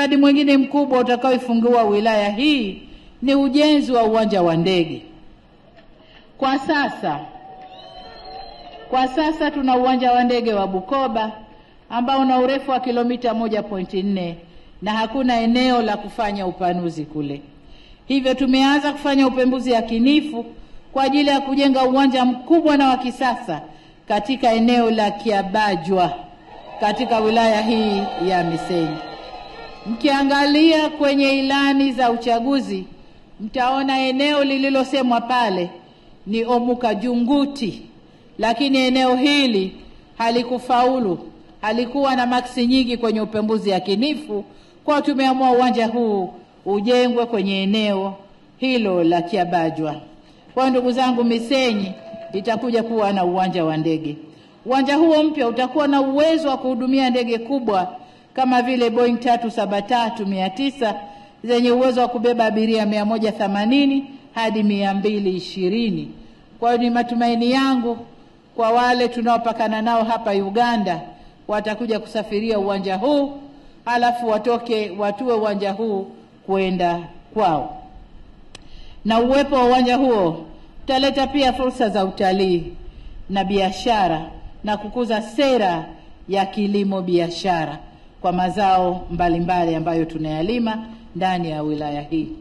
Mradi mwingine mkubwa utakaoifungua wilaya hii ni ujenzi wa uwanja wa ndege. Kwa sasa kwa sasa tuna uwanja wa ndege wa Bukoba ambao una urefu wa kilomita 1.4 na hakuna eneo la kufanya upanuzi kule. Hivyo tumeanza kufanya upembuzi yakinifu kwa ajili ya kujenga uwanja mkubwa na wa kisasa katika eneo la Kiabajwa katika wilaya hii ya Misenyi. Mkiangalia kwenye ilani za uchaguzi mtaona eneo lililosemwa pale ni Omuka Junguti, lakini eneo hili halikufaulu, halikuwa na maksi nyingi kwenye upembuzi yakinifu. Kwao tumeamua uwanja huu ujengwe kwenye eneo hilo la Kiabajwa. Kwa ndugu zangu, Misenyi itakuja kuwa na uwanja wa ndege. Uwanja huo mpya utakuwa na uwezo wa kuhudumia ndege kubwa kama vile Boeing 373 900 zenye uwezo wa kubeba abiria 180 hadi 220. Kwa hiyo ni matumaini yangu kwa wale tunaopakana nao hapa Uganda watakuja kusafiria uwanja huu halafu watoke watue uwanja huu kwenda kwao, na uwepo wa uwanja huo utaleta pia fursa za utalii na biashara na kukuza sera ya kilimo biashara kwa mazao mbalimbali ambayo tunayalima ndani ya wilaya hii.